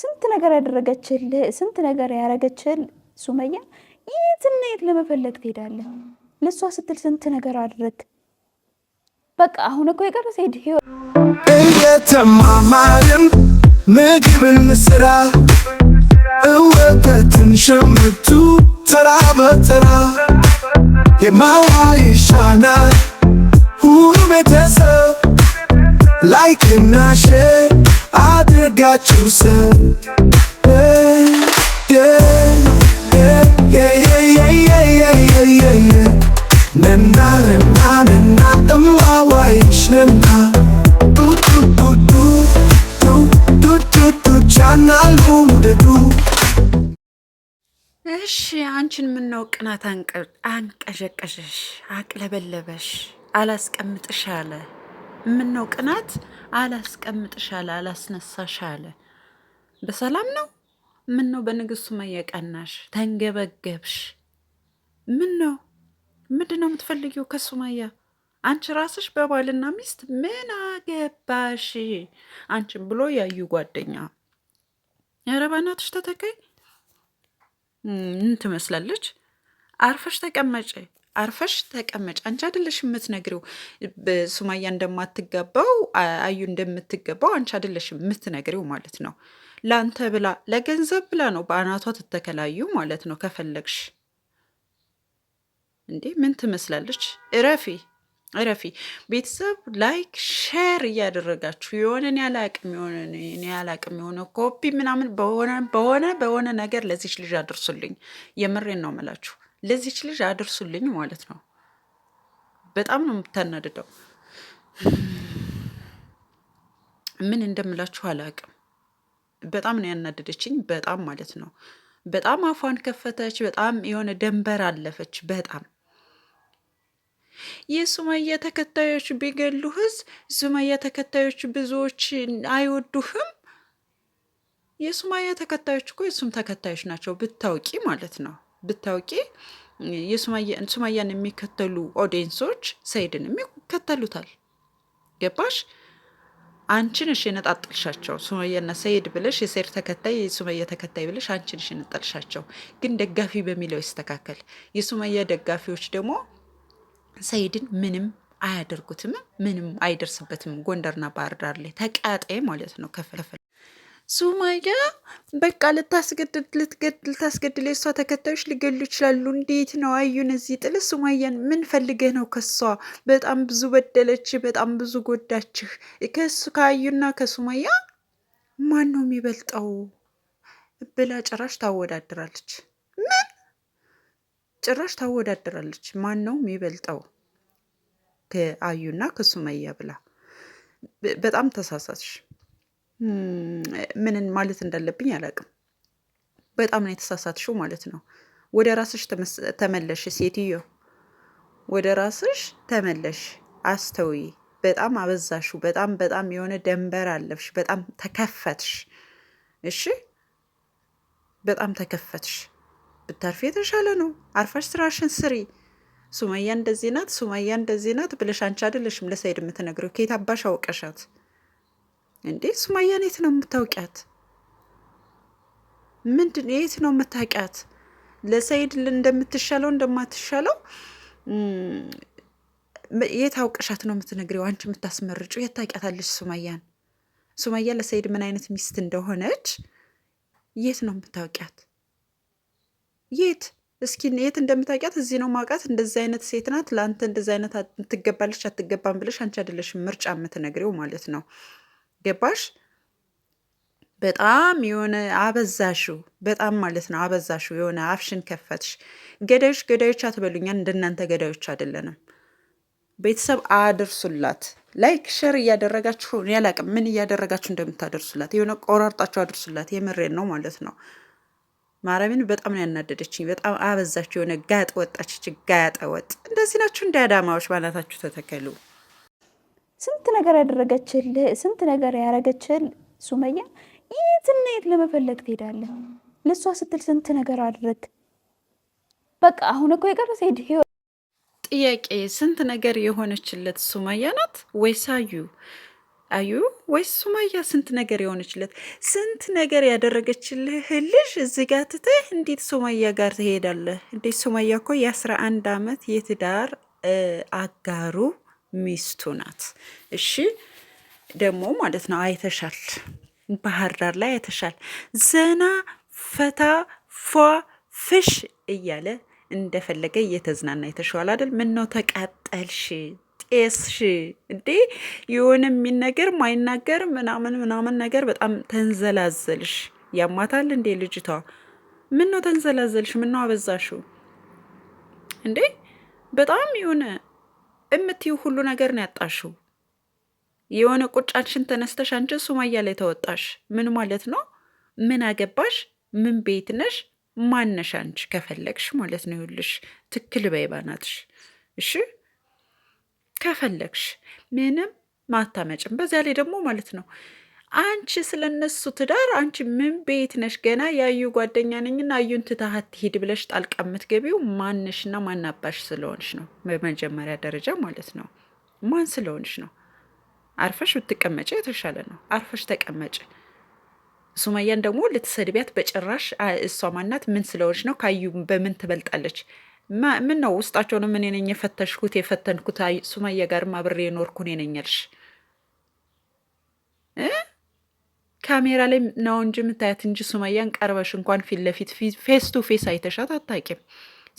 ስንት ነገር ያደረገችልህ ስንት ነገር ያረገችል ሱመያ የትና የት ለመፈለግ ትሄዳለህ? ለእሷ ስትል ስንት ነገር አድረግ። በቃ አሁን እኮ የቀረ ሴድ እየተማማርን ምግብን ስራ እወተትን ሸምቱ ተራ በተራ የማዋ ይሻናል ሁሉ ቤተሰብ ላይክ እና ሼር አድርጋችሁ እሺ አንቺን ምነው ቅናት አንቀሸቀሸሽ፣ አቅለበለበሽ፣ አላስቀምጥሽ አለ። ምነው ቅናት አላስቀምጥሻል አላስነሳሽ አለ። በሰላም ነው? ነው በንግስት ሱመያ ቀናሽ ተንገበገብሽ? ምን ነው ምንድን ነው የምትፈልጊው ከሱመያ? አንቺ ራስሽ በባልና ሚስት ምን አገባሽ? አንቺን ብሎ ያዩ ጓደኛ ኧረ ተተካይ ምን ትመስላለች። አርፈሽ ተቀመጭ? አርፈሽ ተቀመጭ፣ አንቺ አደለሽ የምትነግሪው ሱማያ እንደማትገባው አዩ እንደምትገባው አንቺ አደለሽ የምትነግሪው ማለት ነው። ለአንተ ብላ ለገንዘብ ብላ ነው በአናቷ ትተከላዩ ማለት ነው። ከፈለግሽ እንዴ ምን ትመስላለች? እረፊ እረፊ። ቤተሰብ ላይክ ሼር እያደረጋችሁ የሆነን ያላቅም የሆነን ያላቅም የሆነ ኮፒ ምናምን በሆነ በሆነ በሆነ ነገር ለዚች ልጅ አድርሱልኝ። የምሬን ነው ምላችሁ። ለዚች ልጅ አድርሱልኝ ማለት ነው። በጣም ነው የምታናድደው። ምን እንደምላችሁ አላውቅም። በጣም ነው ያናደደችኝ። በጣም ማለት ነው። በጣም አፏን ከፈተች። በጣም የሆነ ደንበር አለፈች። በጣም የሱመያ ተከታዮች ቢገሉህስ? ሱመያ ተከታዮች ብዙዎች አይወዱህም። የሱመያ ተከታዮች እኮ የሱም ተከታዮች ናቸው ብታውቂ ማለት ነው። ብታውቂ ሱማያን የሚከተሉ ኦዲየንሶች ሰይድን ይከተሉታል። ገባሽ? አንቺን ነሽ የነጣጥልሻቸው ሱመያና ሰይድ ብለሽ የሰይድ ተከታይ የሱመያ ተከታይ ብለሽ አንቺን ነሽ የነጠልሻቸው። ግን ደጋፊ በሚለው ይስተካከል። የሱመያ ደጋፊዎች ደግሞ ሰይድን ምንም አያደርጉትም፣ ምንም አይደርስበትም። ጎንደርና ባህር ዳር ላይ ተቃጤ ማለት ነው ከፈለ ሱማያ በቃ ልታስገድል ልታስገድል የእሷ ተከታዮች ሊገሉ ይችላሉ። እንዴት ነው አዩን እዚህ ጥል ሱማያን ምን ፈልገህ ነው ከሷ? በጣም ብዙ በደለች በጣም ብዙ ጎዳችህ። ከሱ ከአዩና ከሱማያ ማን ነው የሚበልጠው ብላ ጭራሽ ታወዳድራለች። ምን ጭራሽ ታወዳድራለች? ማን ነው የሚበልጠው ከአዩና ከሱማያ ብላ በጣም ተሳሳትሽ። ምንን ማለት እንዳለብኝ አላውቅም። በጣም ነው የተሳሳትሽው ማለት ነው። ወደ ራስሽ ተመለሽ ሴትዮ፣ ወደ ራስሽ ተመለሽ፣ አስተውይ። በጣም አበዛሹ። በጣም በጣም የሆነ ደንበር አለፍሽ። በጣም ተከፈትሽ። እሺ፣ በጣም ተከፈትሽ። ብታርፊ የተሻለ ነው። አርፋሽ ስራሽን ስሪ። ሱመያ እንደዚህ ናት፣ ሱመያ እንደዚህ ናት ብለሽ አንቺ አይደለሽም ለሰይድ የምትነግረው ከየት አባሽ አውቀሻት? እንዴ ሱማያን የት ነው የምታውቂያት? ምንድን የት ነው የምታውቂያት? ለሰይድ እንደምትሻለው እንደማትሻለው የት አውቀሻት ነው የምትነግሪው? አንቺ የምታስመርጩ የት ታውቂያታለሽ ሱማያን? ሱማያ ለሰይድ ምን አይነት ሚስት እንደሆነች የት ነው የምታውቂያት? የት እስኪ የት እንደምታውቂያት እዚህ ነው ማውቃት። እንደዚህ አይነት ሴት ናት ለአንተ እንደዚህ አይነት ትገባለች አትገባም ብለሽ አንቺ አይደለሽም ምርጫ የምትነግሪው ማለት ነው። ገባሽ? በጣም የሆነ አበዛሽው፣ በጣም ማለት ነው አበዛሽው። የሆነ አፍሽን ከፈትሽ። ገዳዮች ገዳዮች አትበሉኛ፣ እንደናንተ ገዳዮች አይደለንም። ቤተሰብ አድርሱላት። ላይክ ሸር እያደረጋችሁ ያላቅም ምን እያደረጋችሁ እንደምታደርሱላት የሆነ ቆራርጣችሁ አድርሱላት። የምሬን ነው ማለት ነው። ማረሚን በጣም ነው ያናደደችኝ። በጣም አበዛችሁ። የሆነ ጋጥ ወጣች፣ ጋጠ ወጥ። እንደዚህ ናችሁ እንደ አዳማዎች፣ ባናታችሁ ተተከሉ። ስንት ነገር ያደረገችልህ ስንት ነገር ያደረገችል ሱመያ የትና የት ለመፈለግ ትሄዳለህ? ለእሷ ስትል ስንት ነገር አድረግ። በቃ አሁን እኮ የቀረ ሄድ ጥያቄ ስንት ነገር የሆነችለት ሱመያ ናት ወይስ አዩ? አዩ ወይስ ሱመያ? ስንት ነገር የሆነችለት ስንት ነገር ያደረገችልህ ልጅ እዚህ ጋር ትተህ እንዴት ሱመያ ጋር ትሄዳለህ? እንዴት ሱመያ እኮ የአስራ አንድ አመት የትዳር አጋሩ ሚስቱ ናት። እሺ ደግሞ ማለት ነው አይተሻል፣ ባህር ዳር ላይ አይተሻል። ዘና ፈታ ፏ ፍሽ እያለ እንደፈለገ እየተዝናና የተሸዋል አይደል? ምን ነው ተቃጠልሽ? ጤስሽ እንዴ? የሆነ የሚነገር ማይናገር ምናምን ምናምን ነገር በጣም ተንዘላዘልሽ። ያማታል እንዴ ልጅቷ? ምን ነው ተንዘላዘልሽ? ምን ነው አበዛሽው እንዴ? በጣም የሆነ እምትዩ ሁሉ ነገር ነው ያጣሽው። የሆነ ቁጫችን ተነስተሽ አንቺ ሱማያ ላይ ተወጣሽ። ምን ማለት ነው? ምን አገባሽ? ምን ቤት ነሽ? ማነሽ? አንቺ ከፈለግሽ ማለት ነው ይኸውልሽ፣ ትክል በይባናትሽ። እሺ ከፈለግሽ ምንም ማታመጭም። በዚያ ላይ ደግሞ ማለት ነው አንቺ ስለ እነሱ ትዳር አንቺ ምን ቤት ነሽ? ገና ያዩ ጓደኛ ነኝና አዩን ትተህ ትሄድ ብለሽ ጣልቃ የምትገቢው ማንሽና ማናባሽ ስለሆንሽ ነው። በመጀመሪያ ደረጃ ማለት ነው ማን ስለሆንሽ ነው። አርፈሽ ብትቀመጭ የተሻለ ነው። አርፈሽ ተቀመጭ። ሱመያን ደግሞ ልትሰድቢያት በጭራሽ። እሷ ማናት? ምን ስለሆንሽ ነው? ካዩ በምን ትበልጣለች? ምን ነው ነው? እኔ ነኝ የፈተሽኩት የፈተንኩት። ሱመያ ጋርም አብሬ የኖርኩ እኔ ነኝ ካሜራ ላይ ነው እንጂ የምታያት እንጂ ሱመያን ቀርበሽ እንኳን ፊት ለፊት ፌስ ቱ ፌስ አይተሻት አታቂም።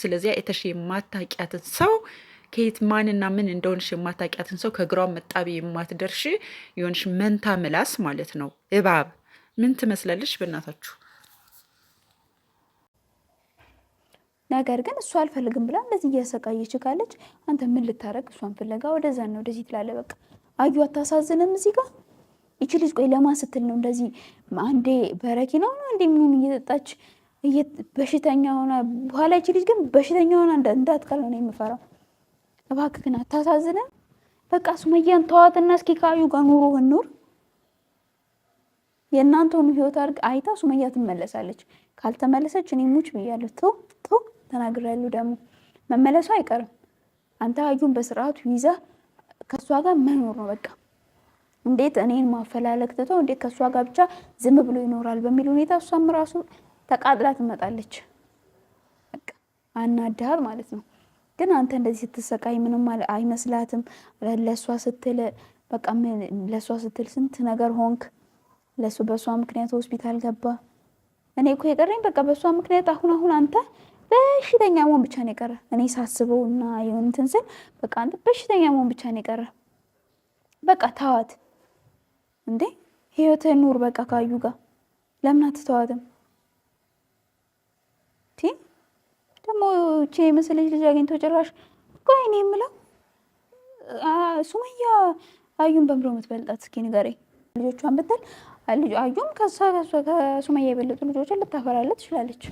ስለዚያ አይተሽ የማታቂያትን ሰው ከየት ማንና ምን እንደሆንሽ የማታቂያትን ሰው ከእግሯ መጣቢ የማትደርሽ የሆንሽ መንታ ምላስ ማለት ነው። እባብ ምን ትመስላለች በእናታችሁ። ነገር ግን እሷ አልፈልግም ብላ እንደዚህ እያሰቃየች ካለች አንተ ምን ልታረግ? እሷን ፍለጋ ወደዛ ነው ወደዚህ ትላለ። በቃ አዩ አታሳዝንም እዚህ ጋር ይቺ ልጅ ቆይ ለማን ስትል ነው እንደዚህ አንዴ በረኪና ሆና አንዴ ምን እየጠጣች በሽተኛ ሆና በኋላ ይቺ ልጅ ግን በሽተኛ ሆና እንዳትቀር ነው የምፈራው። እባክህ ግን አታሳዝነን። በቃ ሱመያን ተዋትና እስኪ ካዩ ጋር ኑሮ ህኑር የእናንተውን ህይወት አድርግ አይታ ሱመያ ትመለሳለች። ካልተመለሰች እኔ ሙች ብያለሁ። ቶ ቶ ተናግራሉ ደግሞ መመለሱ አይቀርም። አንተ አዩን በስርዓቱ ይዛ ከእሷ ጋር መኖር ነው በቃ እንዴት እኔን ማፈላለግ ትቶ እንዴት ከእሷ ጋር ብቻ ዝም ብሎ ይኖራል በሚል ሁኔታ እሷም ራሱ ተቃጥላ ትመጣለች። አናድሃል ማለት ነው። ግን አንተ እንደዚህ ስትሰቃይ ምንም አይመስላትም። ለእሷ ስትል በቃ ለእሷ ስትል ስንት ነገር ሆንክ። ለሱ በእሷ ምክንያት ሆስፒታል ገባ። እኔ እኮ የቀረኝ በቃ በእሷ ምክንያት አሁን አሁን አንተ በሽተኛ መሆን ብቻ ነው የቀረ። እኔ ሳስበው እና የሆንትን ስል በቃ አንተ በሽተኛ መሆን ብቻ ነው የቀረ። በቃ ተዋት። እንዴ ህይወትህን ኑር በቃ ካዩ ጋር ለምን አትተዋትም? ቲ ደግሞ ቺ የመሰለች ልጅ አግኝቶ ጭራሽ ቆይ እኔ የምለው ሱመያ አዩን በምሮ የምትበልጣት እስኪ ንገረኝ። ልጆቿን ብትል አዩም ከሱመያ የበለጡ ልጆችን ልታፈራለት ትችላለች።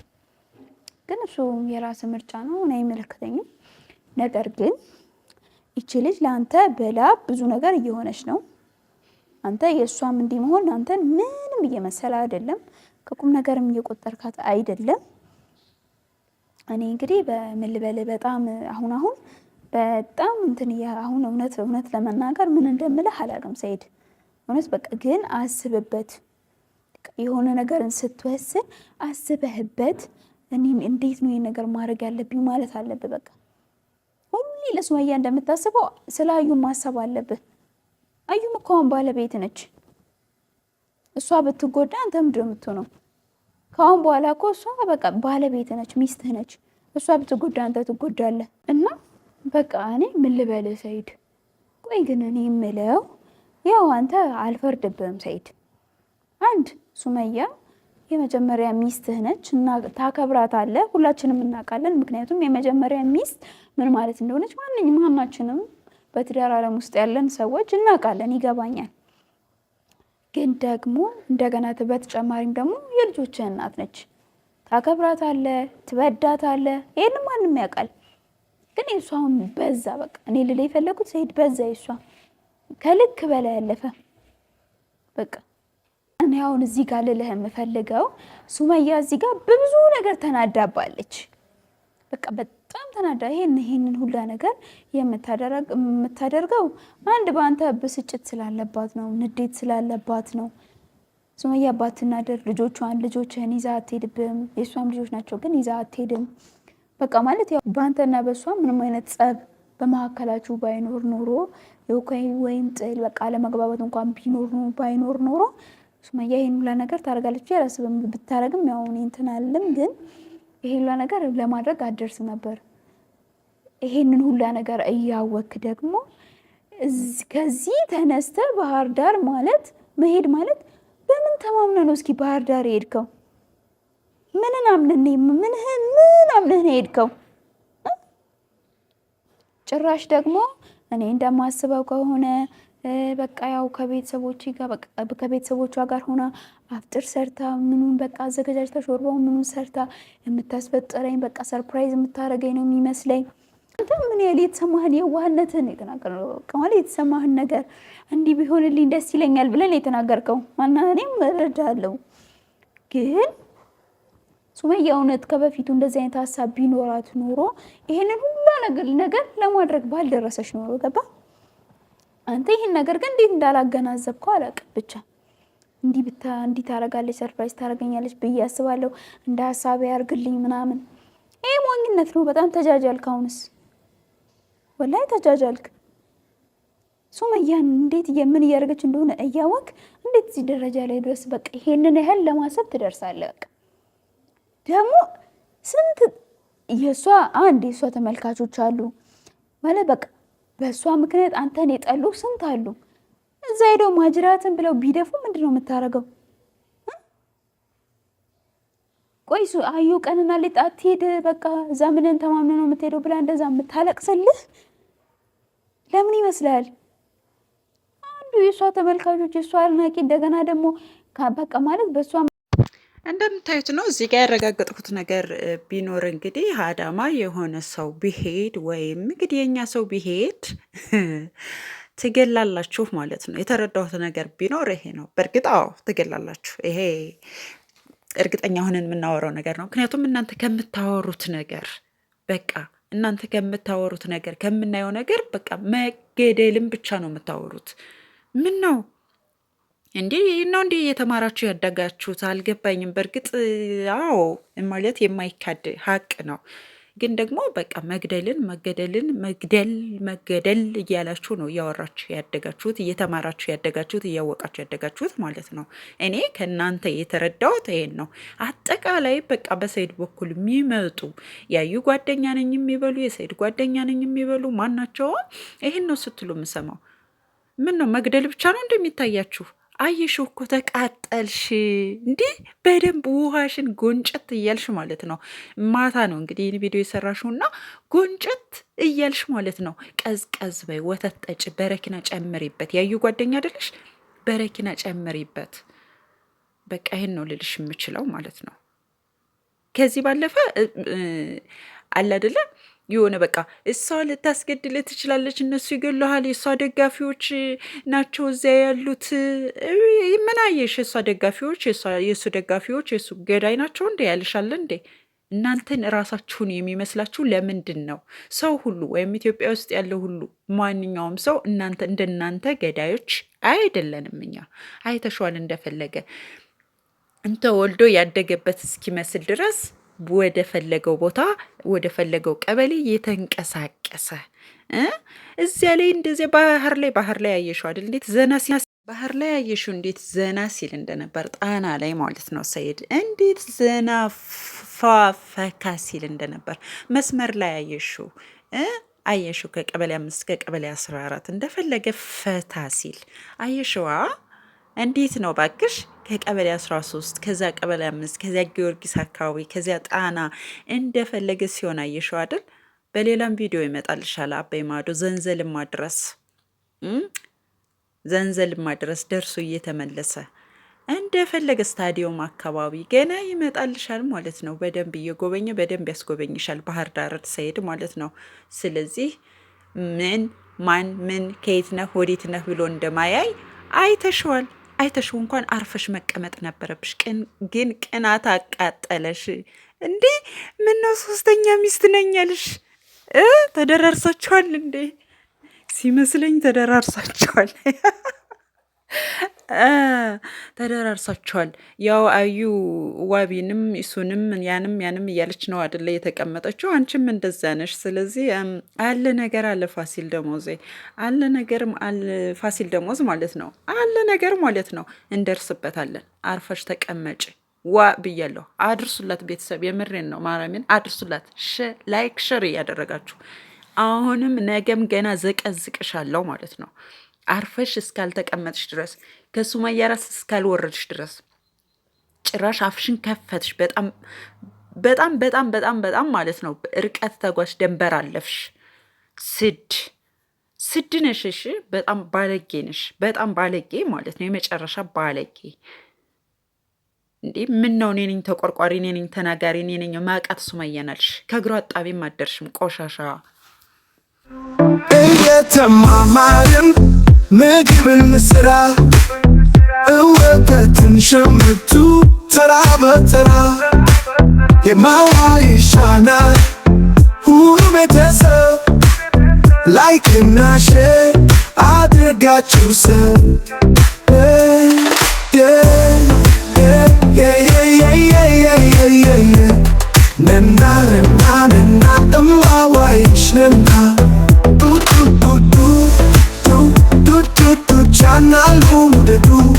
ግን እሱ የራስ ምርጫ ነው፣ እኔ አይመለከተኝም። ነገር ግን ይቺ ልጅ ለአንተ በላ ብዙ ነገር እየሆነች ነው አንተ የእሷም እንዲህ መሆን አንተን ምንም እየመሰለ አይደለም፣ ከቁም ነገርም እየቆጠርካት አይደለም። እኔ እንግዲህ በምን ልበል በጣም አሁን አሁን በጣም እንትን አሁን እውነት እውነት ለመናገር ምን እንደምልህ አላውቅም ሰይድ። እውነት በቃ ግን አስብበት። የሆነ ነገርን ስትወስን አስበህበት፣ እኔም እንዴት ነው ይሄ ነገር ማድረግ ያለብኝ ማለት አለብህ። በቃ ሁሌ ለሱመያ እንደምታስበው ስላዩ ማሰብ አለብህ። አዩም እኮ አሁን ባለቤት ነች። እሷ ብትጎዳ አንተ ምንድን የምትሆነው? ከአሁን በኋላ እኮ እሷ በቃ ባለቤት ነች፣ ሚስትህ ነች። እሷ ብትጎዳ አንተ ትጎዳለህ። እና በቃ እኔ ምን ልበልህ ሰይድ? ቆይ ግን እኔ የምለው ያው አንተ አልፈርድብህም ሰይድ። አንድ ሱመያ የመጀመሪያ ሚስትህ ነች እና ታከብራታለህ። ሁላችንም እናውቃለን። ምክንያቱም የመጀመሪያ ሚስት ምን ማለት እንደሆነች ማንኝ ማናችንም በትዳር ዓለም ውስጥ ያለን ሰዎች እናውቃለን፣ ይገባኛል። ግን ደግሞ እንደገና በተጨማሪም ደግሞ የልጆች እናት ነች። ታከብራታለህ፣ ትወዳታለህ። ይህን ማንም ያውቃል። ግን የእሷ በዛ። በቃ እኔ ልል የፈለጉት ሰይድ በዛ፣ የእሷ ከልክ በላይ ያለፈ በቃ እኔ አሁን እዚህ ጋር ልልህ የምፈልገው ሱመያ እዚህ ጋር በብዙ ነገር ተናዳባለች። በቃ በጣም ተናዳ ይሄን ይሄንን ሁላ ነገር የምታደርገው አንድ በአንተ ብስጭት ስላለባት ነው፣ ንዴት ስላለባት ነው። ሱመያ ባትናደር ልጆቿን ልጆችህን ይዛ አትሄድብም። የእሷም ልጆች ናቸው፣ ግን ይዛ አትሄድም። በቃ ማለት ያው በአንተና በእሷ ምንም አይነት ጸብ በመካከላችሁ ባይኖር ኖሮ ወይም ጥል በቃ አለመግባባት እንኳን ቢኖር ባይኖር ኖሮ ሱመያ ይሄን ሁላ ነገር ታደርጋለች። ያላስብም ብታረግም ያው እኔ እንትን አልልም ግን ይሄ ሁሉ ነገር ለማድረግ አደርስ ነበር። ይሄንን ሁሉ ነገር እያወክ ደግሞ ከዚህ ተነስተ ባህር ዳር ማለት መሄድ ማለት በምን ተማምነ ነው? እስኪ ባህር ዳር የሄድከው ምንን አምነህ ምን ምን አምነህ ነው የሄድከው? ጭራሽ ደግሞ እኔ እንደማስበው ከሆነ በቃ ያው ጋር ከቤተሰቦቿ ጋር ሆና አፍጥር ሰርታ ምኑን በቃ አዘገጃጅታ ሾርባውን ምኑን ሰርታ የምታስፈጠረኝ በቃ ሰርፕራይዝ የምታደርገኝ ነው የሚመስለኝ። አንተ ምን ያህል የተሰማህን የዋህነትን የተናገርከው ማለት የተሰማህን ነገር እንዲህ ቢሆንልኝ ደስ ይለኛል ብለን የተናገርከው ማና እኔም እረዳለሁ። ግን ሱመያ እውነት ከበፊቱ እንደዚህ አይነት ሀሳብ ቢኖራት ኖሮ ይሄንን ሁሉ ነገር ለማድረግ ባልደረሰች ኖሮ ገባ። አንተ ይህን ነገር ግን እንዴት እንዳላገናዘብከው አላውቅም ብቻ እንዲህ ብታ እንዲህ ታረጋለች፣ ሰርፕራይዝ ታረገኛለች ብዬ አስባለሁ። እንደ ሀሳብ ያርግልኝ ምናምን። ይህ ሞኝነት ነው። በጣም ተጃጃልክ። አሁንስ ወላይ ተጃጃልክ። ሱመያን እንዴት የምን እያደረገች እንደሆነ እያወቅ እንዴት እዚህ ደረጃ ላይ ድረስ በቃ ይሄንን ያህል ለማሰብ ትደርሳለህ? በቃ ደግሞ ስንት የእሷ አንድ የእሷ ተመልካቾች አሉ ማለት በቃ በእሷ ምክንያት አንተን የጠሉ ስንት አሉ። እዛ ሄደው ማጅራትን ብለው ቢደፉ ምንድን ነው የምታደርገው? ቆይሱ አዩ ቀንና ሌት አትሄድ፣ በቃ እዛ ምንን ተማምነን ነው የምትሄደው ብላ እንደዛ የምታለቅስልህ ለምን ይመስላል? አንዱ የእሷ ተመልካቾች የእሷ አድናቂ እንደገና ደግሞ በቃ ማለት በእሷ እንደምታዩት ነው። እዚህ ጋር ያረጋገጥኩት ነገር ቢኖር እንግዲህ አዳማ የሆነ ሰው ቢሄድ ወይም እንግዲህ የእኛ ሰው ቢሄድ ትገላላችሁ ማለት ነው። የተረዳሁት ነገር ቢኖር ይሄ ነው። በእርግጥ አዎ ትገላላችሁ። ይሄ እርግጠኛ ሆነን የምናወራው ነገር ነው። ምክንያቱም እናንተ ከምታወሩት ነገር በቃ እናንተ ከምታወሩት ነገር ከምናየው ነገር በቃ መገደልም ብቻ ነው የምታወሩት። ምን ነው እንዲህ ነው እንዲህ እየተማራችሁ ያደጋችሁት አልገባኝም። በእርግጥ አዎ ማለት የማይካድ ሀቅ ነው። ግን ደግሞ በቃ መግደልን መገደልን መግደል መገደል እያላችሁ ነው እያወራችሁ ያደጋችሁት እየተማራችሁ ያደጋችሁት እያወቃችሁ ያደጋችሁት ማለት ነው። እኔ ከእናንተ የተረዳሁት ይሄን ነው። አጠቃላይ በቃ በሰይድ በኩል የሚመጡ ያዩ ጓደኛ ነኝ የሚበሉ የሰይድ ጓደኛ ነኝ የሚበሉ ማናቸውም ይህን ነው ስትሉ የምሰማው። ምን ነው መግደል ብቻ ነው እንደሚታያችሁ? አየሽ እኮ ተቃጠልሽ። እንዴ? በደንብ ውሃሽን ጎንጨት እያልሽ ማለት ነው። ማታ ነው እንግዲህ ይህን ቪዲዮ የሰራሽውና ጎንጨት እያልሽ ማለት ነው። ቀዝቀዝ በይ፣ ወተት ጠጭ፣ በረኪና ጨምሪበት። ያዩ ጓደኛ አይደለሽ? በረኪና ጨምሪበት። በቃ ይህን ነው ልልሽ የምችለው ማለት ነው። ከዚህ ባለፈ አለ አይደለም የሆነ በቃ እሷ ልታስገድል ትችላለች። እነሱ ይገለሃል፣ የእሷ ደጋፊዎች ናቸው እዚያ ያሉት። ምን የእሷ ደጋፊዎች፣ የእሱ ደጋፊዎች የእሱ ገዳይ ናቸው እንዴ ያልሻለ እንዴ? እናንተን ራሳችሁን የሚመስላችሁ ለምንድን ነው? ሰው ሁሉ ወይም ኢትዮጵያ ውስጥ ያለው ሁሉ ማንኛውም ሰው እናንተ እንደናንተ ገዳዮች አይደለንም። እኛ አይተሸዋል እንደፈለገ እንተ ወልዶ ያደገበት እስኪመስል ድረስ ወደፈለገው ቦታ ወደፈለገው ቀበሌ የተንቀሳቀሰ እዚያ ላይ እንደዚያ ባህር ላይ ባህር ላይ ያየሽው አይደል? እንዴት ዘና ሲል ባህር ላይ ያየሽው እንዴት ዘና ሲል እንደነበር ጣና ላይ ማለት ነው። ሰይድ እንዴት ዘና ፏፈካ ሲል እንደነበር መስመር ላይ ያየሽው አየሽው ከቀበሌ አምስት ከቀበሌ አስራ አራት እንደፈለገ ፈታ ሲል አየሽዋ። እንዴት ነው ባክሽ? ከቀበሌ 13 ከዚያ ቀበሌ 5 ከዚያ ጊዮርጊስ አካባቢ ከዚያ ጣና እንደፈለገ ሲሆን አየሽው አይደል? በሌላም ቪዲዮ ይመጣልሻል። አባይ ማዶ ዘንዘልማ ድረስ ዘንዘልማ ድረስ ደርሶ እየተመለሰ እንደፈለገ ስታዲየም አካባቢ ገና ይመጣልሻል ማለት ነው። በደንብ እየጎበኘ በደንብ ያስጎበኝሻል፣ ባህር ዳር ሳይሄድ ማለት ነው። ስለዚህ ምን ማን ምን ከየት ነህ ወዴት ነህ ብሎ እንደማያይ አይተሸዋል። አይተሽው እንኳን አርፈሽ መቀመጥ ነበረብሽ። ግን ቅናት አቃጠለሽ እንዴ? ምነው ሶስተኛ ሚስት ነኝ ያልሽ ተደራርሳችኋል እንዴ? ሲመስለኝ ተደራርሳችኋል። ተደራርሳችኋል። ያው አዩ ዋቢንም እሱንም ያንም ያንም እያለች ነው አደለ የተቀመጠችው። አንቺም እንደዛ ነሽ። ስለዚህ አለ ነገር አለ ፋሲል ደሞዜ አለ ነገር ፋሲል ደሞዝ ማለት ነው አለ ነገር ማለት ነው። እንደርስበታለን። አርፈሽ ተቀመጭ። ዋ ብያለሁ። አድርሱላት ቤተሰብ፣ የምሬን ነው። ማርያምን አድርሱላት። ላይክ ሸር እያደረጋችሁ አሁንም ነገም ገና ዘቀዝቅሻለሁ ማለት ነው። አርፈሽ እስካልተቀመጥሽ ድረስ ከሱማያ ራስ እስካልወረድሽ ድረስ ጭራሽ አፍሽን ከፈትሽ። በጣም በጣም በጣም በጣም በጣም ማለት ነው። ርቀት ተጓዝ ደንበር አለፍሽ። ስድ ስድ ነሽ። እሺ፣ በጣም ባለጌ ነሽ። በጣም ባለጌ ማለት ነው። የመጨረሻ ባለጌ። እንዴ ምን ነው? እኔ ነኝ ተቆርቋሪ፣ እኔ ነኝ ተናጋሪ፣ እኔ ነኝ ማቃት። ሱማያናልሽ ከእግሯ አጣቢም አደርሽም ቆሻሻ እየተማማርን ምግብን ስራ እወተትን ሸምቱ ተራ በተራ የማዋ ይሻናል ሁሉ ቤተሰብ ላይክ እና ሼር አድርጋችሁ ሰብ canal mondo tu